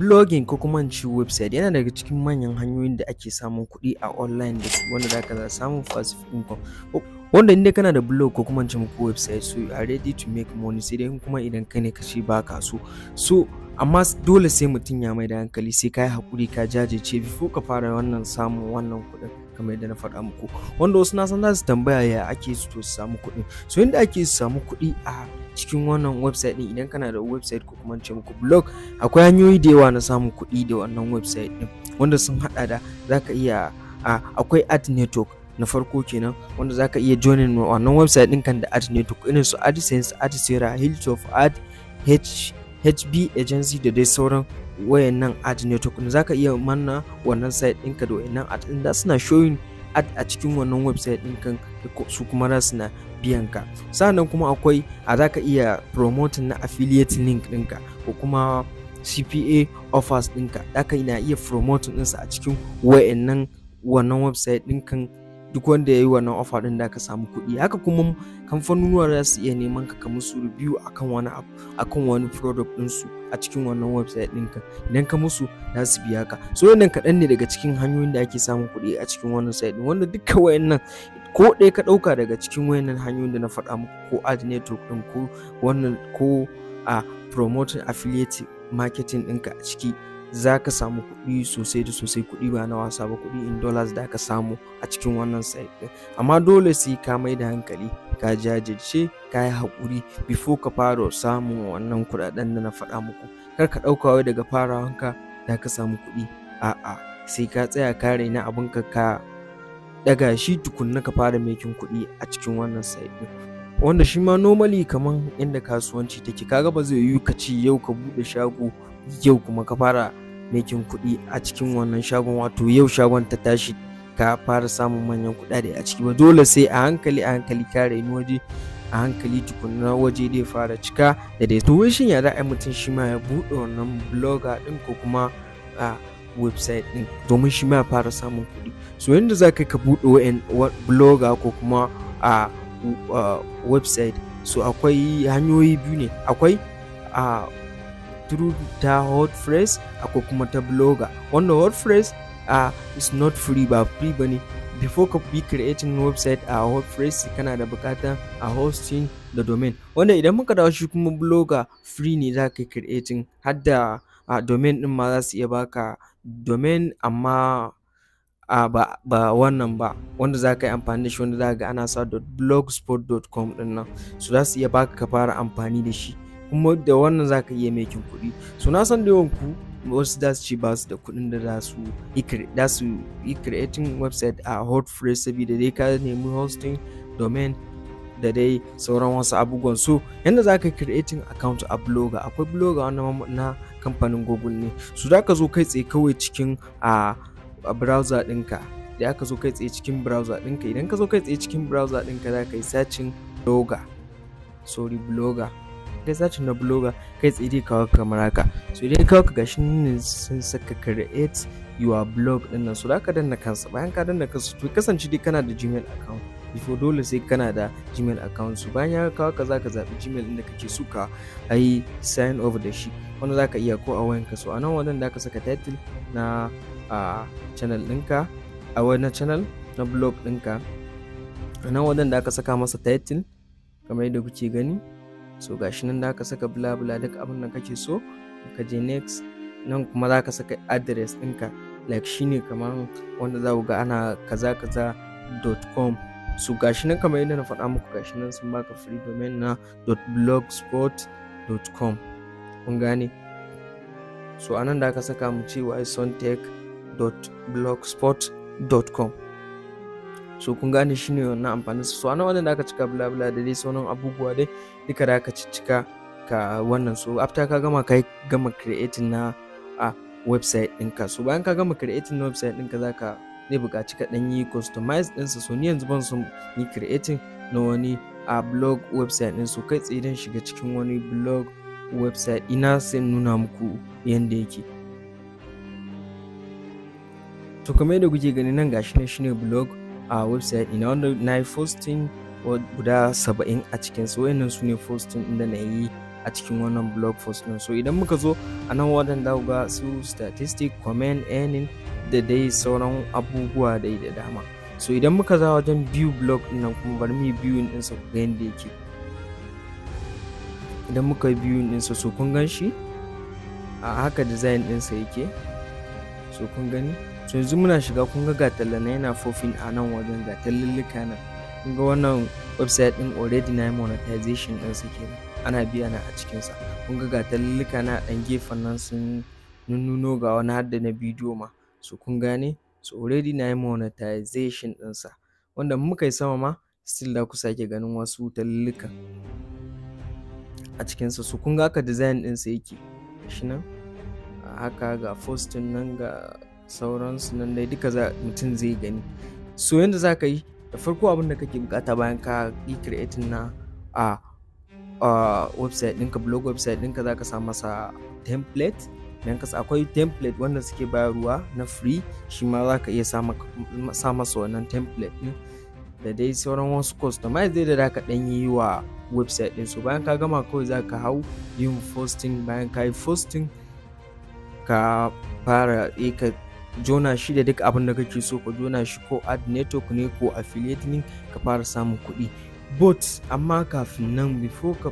Blogging ko kuma ci website yana daga cikin manyan hanyoyin da ake samun kuɗi a online da su wanda za ka samun passive income. Wanda inda kana da blog ko kuma ci muku website so you are ready to make money sai dai kuma idan kai ne ka ce ba ka so. So amma dole sai mutum ya mai da hankali sai ka yi haƙuri ka jajirce before ka fara wannan samun wannan kuɗin kamar yadda na faɗa muku. Wanda wasu na san za su tambaya ya ake so su samu kuɗi. So inda ake samu kuɗi a cikin wannan website din idan kana da website ko kuma ce muku blog akwai hanyoyi da yawa na samun kuɗi da wannan website din wanda sun hada da zaka iya akwai ad network na farko kenan wanda zaka iya joinin wannan website din kan da ad network irin su AdSense, AdSera, of Ad, H, HB agency da dai sauran wayannan ad network zaka iya manna wannan site ɗinka da wayannan ad ɗin da suna showing ad a cikin wannan website ɗin su kuma za su na biyan ka sannan kuma akwai a za ka iya promoting na affiliate link ɗinka ko kuma cpa offers ɗinka za ka na iya promoting ɗinsa a cikin wayannan wannan website ɗin duk wanda ya yi wannan offer ɗin da ka samu kuɗi haka kuma kamfanunuwa za su iya neman ka musu review akan wani app akan wani product ɗinsu a cikin wannan website ɗinka idan ka musu za su biya ka so wannan kaɗan ne daga cikin hanyoyin da ake samun kuɗi a cikin wannan site ɗin wanda duka wayannan ko ɗaya ka ɗauka daga cikin wayannan hanyoyin da na faɗa muku ko ad network ɗin ko wannan ko a promoting affiliate marketing ɗinka a ciki za ka samu kuɗi sosai da sosai kuɗi ba na wasa ba kuɗi in dollars da ka samu a cikin wannan site amma dole sai ka mai da hankali ka jajirce ka yi haƙuri before ka fara samun wannan kuɗaɗen da na faɗa muku kar ka ɗauka wai daga farawanka da ka samu kuɗi a'a sai ka tsaya ka raina abin ka ka daga shi tukunna ka fara mekin kuɗi a cikin wannan site wanda shi ma normally kaman inda kasuwanci take kaga ba zai yiwu ka ci yau ka bude shago yau kuma ka fara mekin kuɗi a cikin wannan shagon wato yau shagon ta tashi ka fara samun manyan kuɗaɗe a ciki ba dole sai a hankali a hankali ka raini waje a hankali tukunna waje dai fara cika da dai to shin ya ra'ayi mutum shi ma ya buɗe wannan blogger ɗin ko kuma a website ɗin domin shi ma ya fara samun kuɗi so yanda za ka buɗe blogger ko kuma a website so akwai hanyoyi biyu ne akwai through ta wordpress ako kuma ta blogger wannan wordpress a is not free ba free bane before ka be creating website a wordpress kana da bukatar a hosting da domain wanda idan muka dawo shi kuma blogger free ne za ka yi creating har da uh, domain din ma za su iya baka domain amma a ba, ba wannan ba wanda za ka yi amfani da shi wanda za ga ana sa .blogspot.com din nan so za su iya baka ka fara amfani da shi kuma da wannan za ka iya mekin kuɗi so na san da yawan ku wasu da su ce ba su da kuɗin da za su yi creating website a hot free saboda dai ka nemi hosting domain da dai sauran wasu abubuwan so yadda za ka creating account a blogger akwai blogger wanda na kamfanin google ne su da ka zo kai tsaye kawai cikin a browser ɗinka da aka zo kai tsaye cikin browser ɗinka idan ka zo kai tsaye cikin browser ɗinka za ka yi searching blogger sorry blogger kai sacin na bloga kai tsaye kawo kamar haka so dai kawo ka gashi ne sun saka create your blog din nan so zaka ka danna kansa bayan ka danna kansa to kasance dai kana da gmail account before dole sai kana da gmail account su bayan ya kawo ka za ka zaɓi gmail din da kake so ka ai sign over da shi wanda za ka iya ko a wayanka so a nan da ka saka title na a channel ɗinka a wannan channel na blog ɗinka a nan da aka saka masa title kamar yadda kuke gani so gashi nan da ka saka bla bla duk abin da kake so ka je next nan kuma za ka saka address ɗinka like shine kamar wanda za ku ga ana kaza kaza dot com so gashi nan kamar yadda na faɗa muku gashi nan sun baka free domain na dot blogspot dot com kun gane so anan da aka saka mu ce wa dot blogspot dot com so kun gane shi ne wannan amfanin su so da aka cika bula bula da dai sauran abubuwa dai duka da aka cika ka wannan so after ka gama kai gama creating na a ah, website ɗinka so bayan ka gama creating na website ɗinka ka, ne buƙaci ka ɗan yi customize ɗinsa so ni yanzu ban son yi creating na wani a ah, blog website ɗin so kai tsaye dan shiga cikin wani blog website ina sai nuna muku yanda yake to kamar yadda kuke gani nan gashi ne shine blog a website ina wanda na yi fostin guda saba'in a cikin su wayannan su ne fostin inda na yi a cikin wannan blog post din so idan muka zo a nan wadan su statistic comment earning da dai sauran abubuwa dai da dama so idan muka za wajen biyu blog nan kuma bar mi view din sa ku ga yanda yake idan muka view din sa so kun gan shi a haka design din yake so kun gani so yanzu muna shiga kun ga gatalla na yana fofin a nan wajen ga tallallika nan kun ga wannan website din already na monetization din sa kenan ana biya na a cikin sa kun ga ga na dan gefen nan sun nunnuno ga wani har da na bidiyo ma so kun gane so already na monetization din sa wanda muka yi sama ma still da ku sake ganin wasu tallallika a cikin sa so kun ga haka design din sa yake shi nan haka ga first nan ga sauransu nan dai duka mutum zai gani so yadda za ka yi da farko abin da kake bukata bayan ka yi creating na a website ɗinka blog website ɗinka za ka samu masa template don kasa akwai template wanda suke bayarwa na free shi ma za ka iya sa masa wannan template ɗin da dai sauran wasu customize dai da za ka ɗan yi wa website ɗin so bayan ka gama kawai za ka hau yin posting bayan ka yi posting ka fara eh, ka jona shi da duk abin da kake so ka jona shi ko ad network ne ko affiliate ne ka fara samun kuɗi but amma kafin nan before ka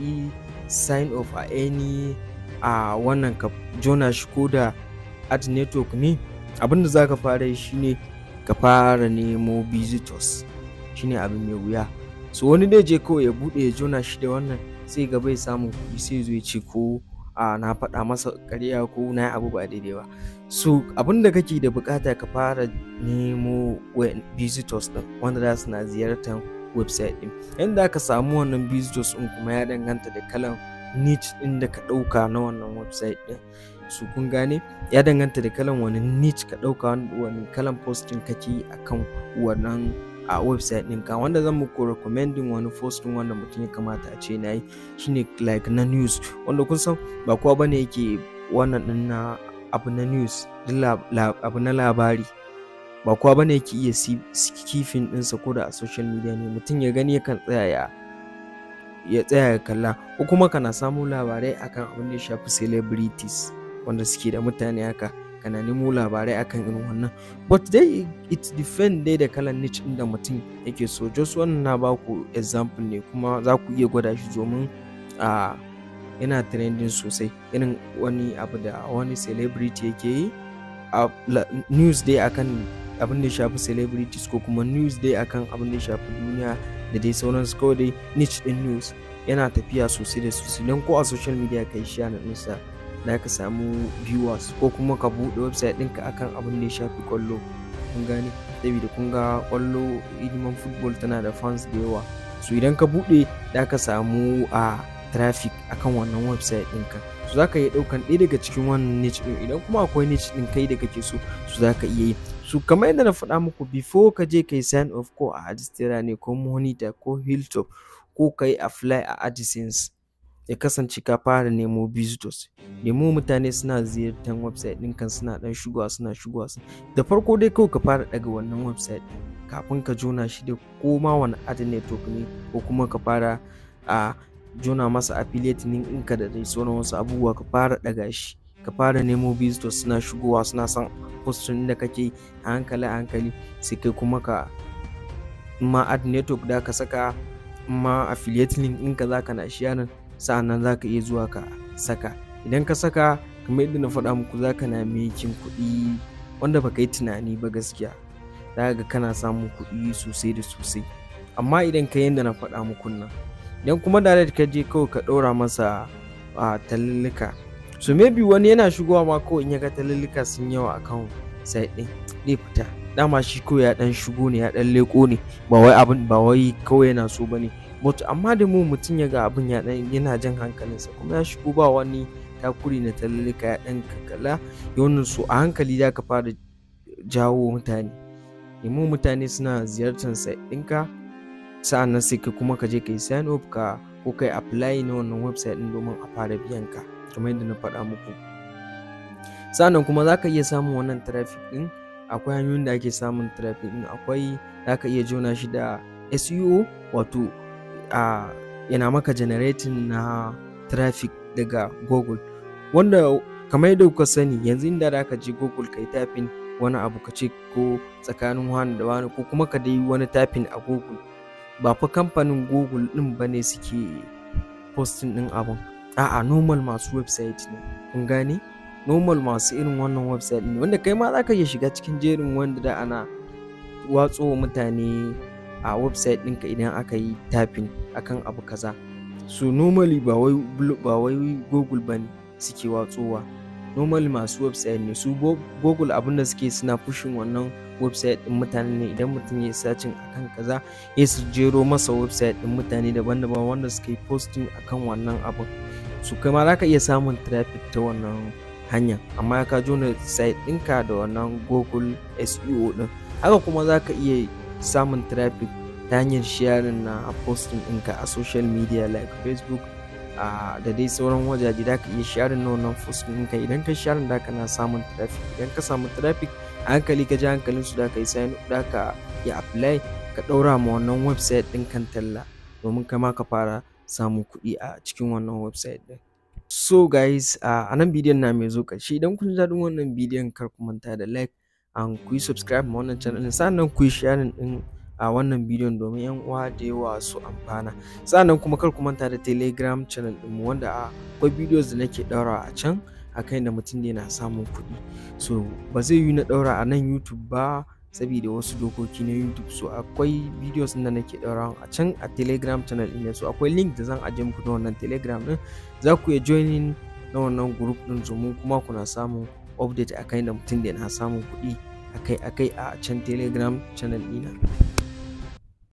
yi sign of a any a wannan ka jona shi ko da ad network ne abin da za ka fara yi shine ka fara nemo visitors shine abin mai wuya so wani dai je kawai ya bude ya jona shi da wannan sai gaba ya samu kuɗi sai zo ya ce ko a na faɗa masa ƙarya ko na abu ba daidai ba so abin da kake da bukata ka fara nemo visitors da wanda za su na ziyartar website din yadda aka samu wannan visitors ɗin kuma ya danganta da kalan niche din da ka ɗauka na wannan website din su kun gane ya danganta da kalan wani niche ka ɗauka wani kalan posting kake akan wannan a website ɗinka wanda zan muku recommending wani postin wanda mutum ya kamata a ce na shine like na news wanda kun san ba kowa bane yake wannan din na abu na news abu na labari ba kowa bane yake iya kifin ɗinsa ko da a social media ne mutum ya gani yakan tsaya ya ya tsaya ya kalla ko kuma kana samu labarai akan abin da ya shafi celebrities wanda suke da mutane haka ka na nemo labarai akan irin wannan but dai it defend dai da kalan niche din da mutum yake so just wannan na ba ku example ne kuma za ku iya gwada shi domin a yana trending sosai irin wani abu da wani celebrity yake yi a news dai akan abin da shafi celebrities ko kuma news dai akan abin da shafi duniya da dai sauransu kawai dai niche din news yana tafiya sosai da sosai don ko a social media kai shi a nisa da ka samu viewers ko kuma ka buɗe website ɗinka akan abin da ya shafi kwallo kun gane saboda kun ga kwallo hidiman football tana da fans da yawa so idan ka buɗe da ka samu a traffic akan wannan website ɗinka su za ka iya ɗaukan ɗaya daga cikin wannan niche ɗin idan kuma akwai niche ɗin kai da kake so su za ka iya yi su kamar yadda na faɗa muku before ka je ka yi sign off ko a adistera ne ko monita ko hilltop ko ka yi apply a adsense ya kasance ka fara nemo visitors nemo mutane suna ziyartar website din kan suna dan shigowa suna shigowa da farko dai kawai ka fara daga wannan website kafin ka jona shi da koma wani adin network ne ko kuma ka fara a jona masa affiliate in ka da dai sauran wasu abubuwa ka fara daga shi ka fara nemo visitors suna shigowa suna son postin da kake a hankali a hankali sai kai kuma ka ma ad network da ka saka ma affiliate link ɗinka za ka na shi yanar sa'an nan za ka iya zuwa ka saka idan ka saka kamar yadda na faɗa muku za ka na mekin kuɗi wanda baka yi tunani ba gaskiya za ga kana samun kuɗi sosai da sosai amma idan ka yadda na faɗa muku nan idan kuma da ka je kawai ka ɗora masa a talilika so maybe wani yana shigowa ma kawai in ya ga talillika sun yawa kan site ɗin zai fita dama shi ko ya ɗan shigo ne ya ɗan leƙo ne ba wai abin ba wai kawai yana so ba ne. but amma da mu mutum ya ga abin ya dan yana jan hankalinsa kuma ya shigo ba wani takuri na tallika ya dan kakala yawan su a hankali za ka fara jawo mutane nemo mutane suna ziyartar sa ɗinka sa'an nan sai ka kuma ka je ka yi sign up ka ko kai apply na wannan website ɗin domin a fara biyan ka kamar yadda na faɗa muku sa'an kuma za ka iya samun wannan traffic ɗin akwai hanyoyin da ake samun traffic ɗin akwai za ka iya jona shi da SEO wato a yana maka generating na traffic daga google wanda kamar yadda kuka sani yanzu inda da ka je google kai tafin wani abu ka ce ko tsakanin wani da wani ko kuma ka dai wani tafin a google ba fa kamfanin google din ba ne suke posting din abun a'a normal masu website ne kun gane normal masu irin wannan website ne wanda kai ma za ka iya shiga cikin jerin wanda da ana watso mutane a website ɗinka idan aka yi tafin akan abu kaza so normally ba wai ba wai google ba suke watsowa normally masu website ne su google abinda suke suna fushin wannan website ɗin mutane ne idan mutum ya sacin akan kaza ya su jero masa website ɗin mutane daban-daban wanda suka posting akan wannan abin su kai za ka iya samun traffic ta wannan hanya amma ka jona site ɗinka da wannan google seo ɗin haka kuma za ka iya samun traffic ta hanyar sharing na posting ɗinka a social media like facebook da dai sauran wajaje da ka iya sharing na wannan post ɗinka idan ka sharing da na samun traffic idan ka samu traffic a hankali ka ji hankalin su da ka yi sign up da ka yi apply ka ɗaura ma wannan website ɗin kan talla domin kama ka fara samun kuɗi a cikin wannan website ɗin. So guys, uh, a nan bidiyon na mai zo ƙarshe idan kun ji daɗin wannan bidiyon kar ku manta da like an ku subscribe ma wannan channel sannan ku yi sharing din a wannan bidiyon domin yan uwa da yawa su amfana sannan kuma kar ku manta da telegram channel din wanda akwai videos da nake daura a can akan da mutum da yana samun kuɗi so ba zai yi na ɗaura a nan youtube ba saboda wasu dokoki na youtube so akwai videos da nake ɗaura a can a telegram channel ɗin so akwai link da zan ajiye muku na wannan telegram din. za ku iya joining na wannan group din domin kuma kuna samun update akan yadda mutum da na samun kuɗi akai-akai a can telegram channel ɗina.